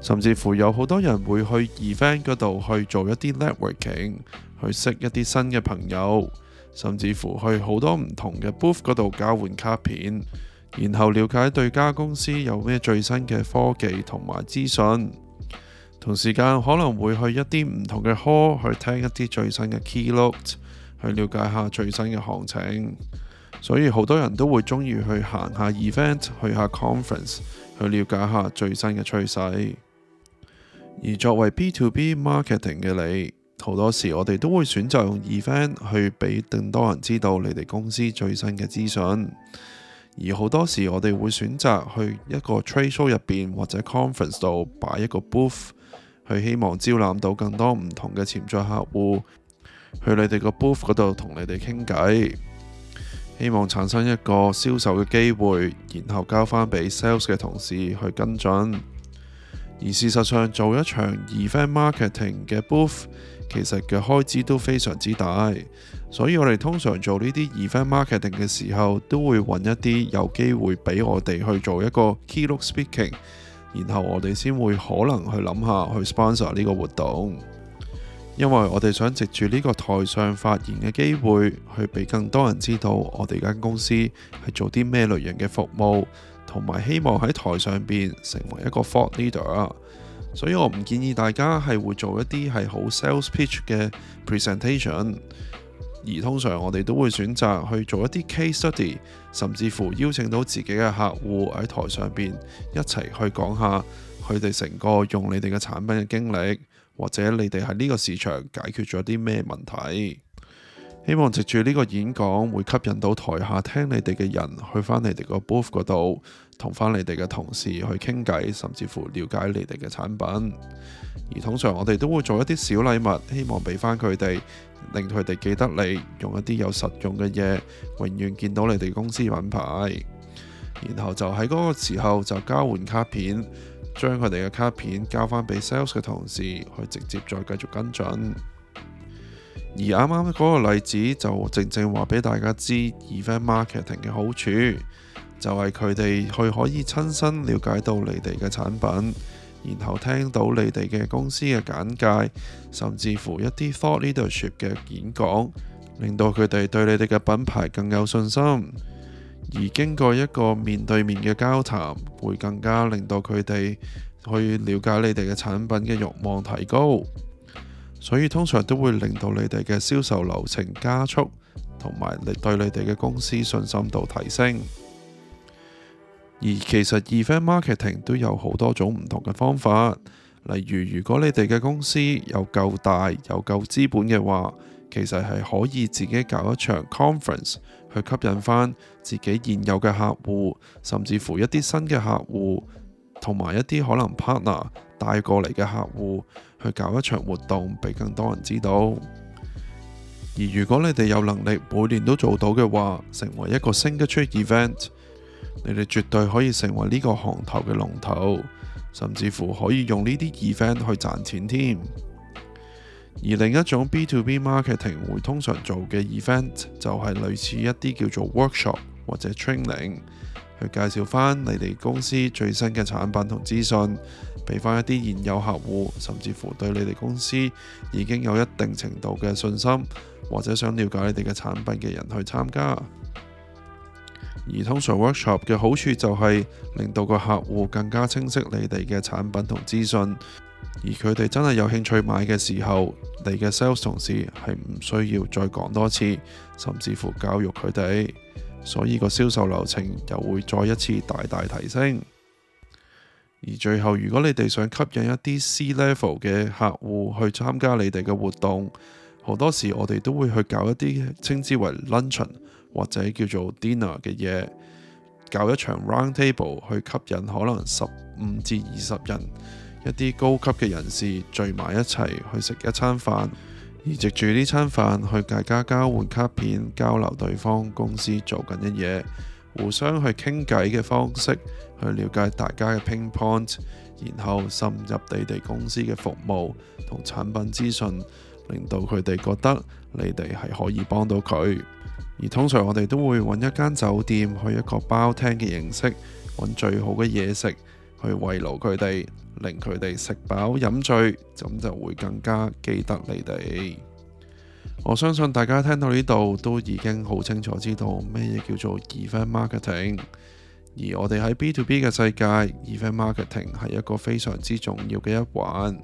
甚至乎有好多人會去 event 嗰度去做一啲 networking，去識一啲新嘅朋友，甚至乎去好多唔同嘅 booth 嗰度交換卡片，然後了解對家公司有咩最新嘅科技同埋資訊。同時間可能會去一啲唔同嘅 hall 去聽一啲最新嘅 keynote，去了解下最新嘅行情。所以好多人都會中意去行下 event，去下 conference，去了解下最新嘅趨勢。而作為 B to B marketing 嘅你，好多時我哋都會選擇用 event 去俾更多人知道你哋公司最新嘅資訊。而好多時我哋會選擇去一個 trade show 入邊或者 conference 度擺一個 booth，去希望招攬到更多唔同嘅潛在客戶去你哋個 booth 嗰度同你哋傾偈，希望產生一個銷售嘅機會，然後交翻俾 sales 嘅同事去跟進。而事實上，做一場 event marketing 嘅 booth，其實嘅開支都非常之大，所以我哋通常做呢啲 event marketing 嘅時候，都會揾一啲有機會俾我哋去做一個 keynote speaking，然後我哋先會可能去諗下去 sponsor 呢個活動，因為我哋想藉住呢個台上發言嘅機會，去俾更多人知道我哋間公司係做啲咩類型嘅服務。同埋希望喺台上邊成為一個 thought leader 啊，所以我唔建議大家係會做一啲係好 sales pitch 嘅 presentation，而通常我哋都會選擇去做一啲 case study，甚至乎邀請到自己嘅客戶喺台上邊一齊去講下佢哋成個用你哋嘅產品嘅經歷，或者你哋喺呢個市場解決咗啲咩問題。希望藉住呢個演講，會吸引到台下聽你哋嘅人，去返你哋個 booth 嗰度，同返你哋嘅同事去傾偈，甚至乎了解你哋嘅產品。而通常我哋都會做一啲小禮物，希望俾返佢哋，令佢哋記得你，用一啲有實用嘅嘢，永遠見到你哋公司品牌。然後就喺嗰個時候就交換卡片，將佢哋嘅卡片交返俾 sales 嘅同事，去直接再繼續跟進。而啱啱嗰個例子就正正話俾大家知 event marketing 嘅好處，就係佢哋去可以親身了解到你哋嘅產品，然後聽到你哋嘅公司嘅簡介，甚至乎一啲 thought leadership 嘅演講，令到佢哋對你哋嘅品牌更有信心。而經過一個面對面嘅交談，會更加令到佢哋去了解你哋嘅產品嘅慾望提高。所以通常都會令到你哋嘅銷售流程加速，同埋你對你哋嘅公司信心度提升。而其實 event marketing 都有好多種唔同嘅方法，例如如果你哋嘅公司有夠大、有夠資本嘅話，其實係可以自己搞一場 conference 去吸引返自己現有嘅客戶，甚至乎一啲新嘅客戶，同埋一啲可能 partner 帶過嚟嘅客戶。去搞一場活動，俾更多人知道。而如果你哋有能力每年都做到嘅話，成為一個 signature event，e 你哋絕對可以成為呢個行頭嘅龍頭，甚至乎可以用呢啲 event 去賺錢添。而另一種 B to B marketing 會通常做嘅 event 就係類似一啲叫做 workshop 或者 training。去介紹翻你哋公司最新嘅產品同資訊，俾翻一啲現有客戶，甚至乎對你哋公司已經有一定程度嘅信心，或者想了解你哋嘅產品嘅人去參加。而通常 workshop 嘅好處就係令到個客戶更加清晰你哋嘅產品同資訊，而佢哋真係有興趣買嘅時候，你嘅 sales 同事係唔需要再講多次，甚至乎教育佢哋。所以個銷售流程又會再一次大大提升。而最後，如果你哋想吸引一啲 C level 嘅客戶去參加你哋嘅活動，好多時我哋都會去搞一啲稱之為 luncheon 或者叫做 dinner 嘅嘢，搞一場 round table 去吸引可能十五至二十人，一啲高級嘅人士聚埋一齊去食一餐飯。而藉住呢餐飯去大家交換卡片、交流對方公司做緊嘅嘢，互相去傾偈嘅方式去了解大家嘅 pain point，然後深入你哋公司嘅服務同產品資訊，令到佢哋覺得你哋係可以幫到佢。而通常我哋都會揾一間酒店去一個包廳嘅形式揾最好嘅嘢食。去慰勞佢哋，令佢哋食飽飲醉，咁就會更加記得你哋。我相信大家聽到呢度都已經好清楚知道咩嘢叫做 event marketing。而我哋喺 B to B 嘅世界，event marketing 係一個非常之重要嘅一環。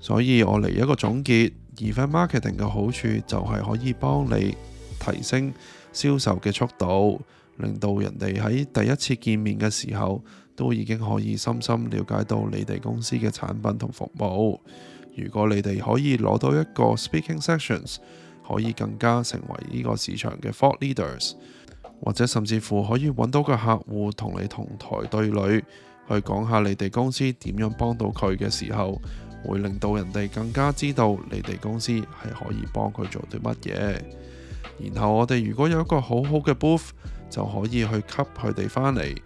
所以我嚟一個總結，event marketing 嘅好處就係可以幫你提升銷售嘅速度，令到人哋喺第一次見面嘅時候，都已經可以深深了解到你哋公司嘅產品同服務。如果你哋可以攞到一個 speaking sessions，可以更加成為呢個市場嘅 thought leaders，或者甚至乎可以揾到個客戶同你同台對壘，去講下你哋公司點樣幫到佢嘅時候，會令到人哋更加知道你哋公司係可以幫佢做啲乜嘢。然後我哋如果有一個好好嘅 booth，就可以去吸佢哋返嚟，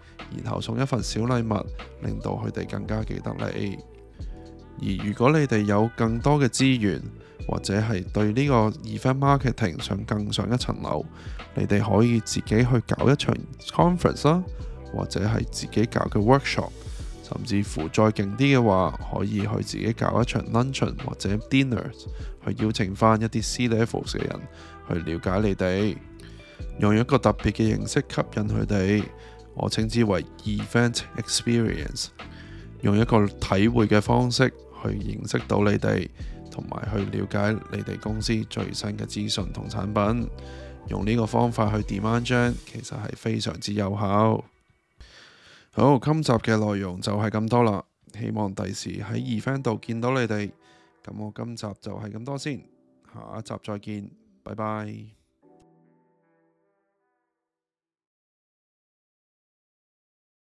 然後送一份小禮物，令到佢哋更加記得你。而如果你哋有更多嘅資源，或者係對呢個 event marketing 想更上一層樓，你哋可以自己去搞一場 conference 啦，或者係自己搞嘅 workshop。甚至乎再勁啲嘅話，可以去自己搞一場 lunch 或者 dinner，去邀請翻一啲 C-level 嘅人去了解你哋，用一個特別嘅形式吸引佢哋。我稱之為 event experience，用一個體會嘅方式去認識到你哋，同埋去了解你哋公司最新嘅資訊同產品。用呢個方法去 demand gen，其實係非常之有效。好，今集嘅內容就係咁多啦，希望第時喺 event 度見到你哋，咁我今集就係咁多先，下一集再見，拜拜。